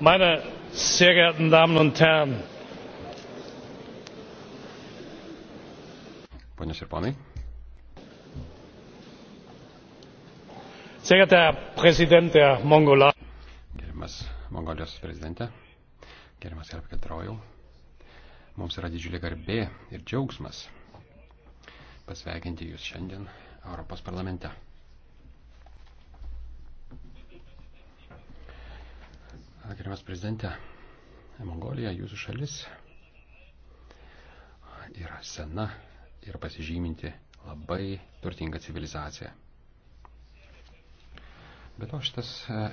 meine sehr geehrten damen und herren! sehr geehrter herr präsident der mongolei! Gerimas Helpke Trojau, mums yra didžiulė garbė ir džiaugsmas pasveikinti Jūs šiandien Europos parlamente. Gerimas prezidente, Mongolija, Jūsų šalis yra sena ir pasižyminti labai turtinga civilizacija. Bet to šitas,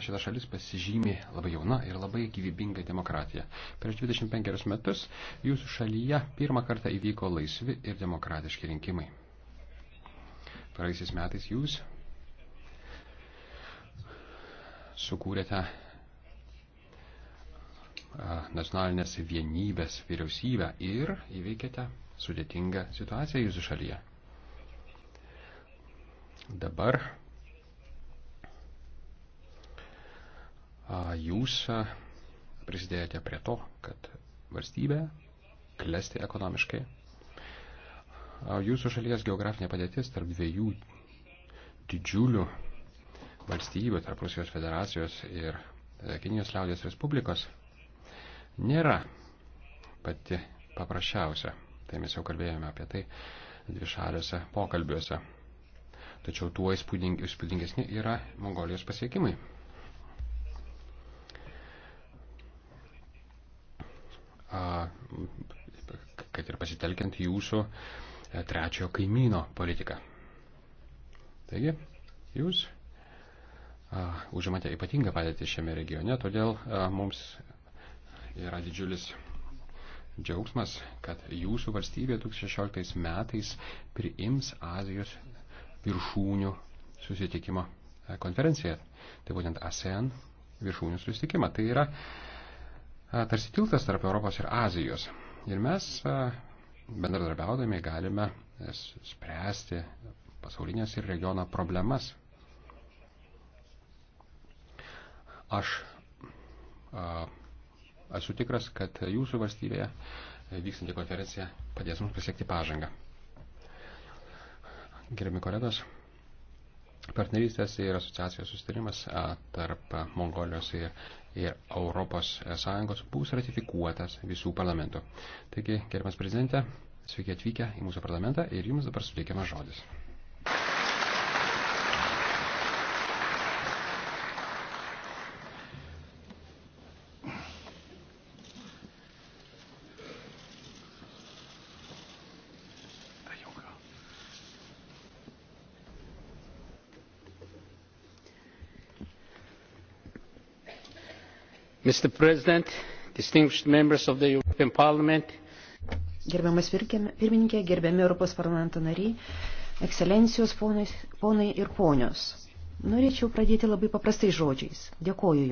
šita šalis pasižymė labai jauna ir labai gyvybinga demokratija. Prieš 25 metus jūsų šalyje pirmą kartą įvyko laisvi ir demokratiški rinkimai. Praeisiais metais jūs sukūrėte nacionalinės vienybės vyriausybę ir įveikėte sudėtingą situaciją jūsų šalyje. Dabar jūs e, prisidėjote prie to, kad valstybė klesti ekonomiškai. Jūsų šalies geografinė padėtis tarp dviejų didžiulių valstybių, tarp Rusijos federacijos ir e, Kinijos liaudės Respublikos, nėra pati paprasčiausia. Tai mes jau kalbėjome apie tai dvišaliuose pokalbiuose. Tačiau tuo įspūdingesni yra Mongolijos pasiekimai. pasitelkiant jūsų e, trečiojo kaimyno politiką. Taigi, jūs a, užimate ypatingą padėtį šiame regione, todėl a, mums yra didžiulis džiaugsmas, kad jūsų valstybė 2016 metais priims Azijos viršūnių susitikimo e, konferenciją. Tai būtent ASEAN viršūnių susitikimą. Tai yra a, tarsi tiltas tarp Europos ir Azijos. Ir mes a, bendradarbiaudami galime spręsti pasaulinės ir regiono problemas. Aš a, esu tikras, kad jūsų valstybėje vykstanti konferencija padės mums pasiekti pažangą. Gerbiami kolegos, partnerystės ir asociacijos sustarimas tarp Mongolijos ir, ir Europos Sąjungos bus ratifikuotas visų parlamentų. Taigi, gerbiamas prezidente, sveiki atvykę į mūsų parlamentą ir jums dabar suteikiamas žodis. Mr. President, distinguished members of the European Parliament. Gerbiamas pirmininkė, gerbiami Europos parlamento nariai, ekscelencijos ponai, ponai ir ponios. Norėčiau pradėti labai paprastai žodžiais. Dėkoju Jums.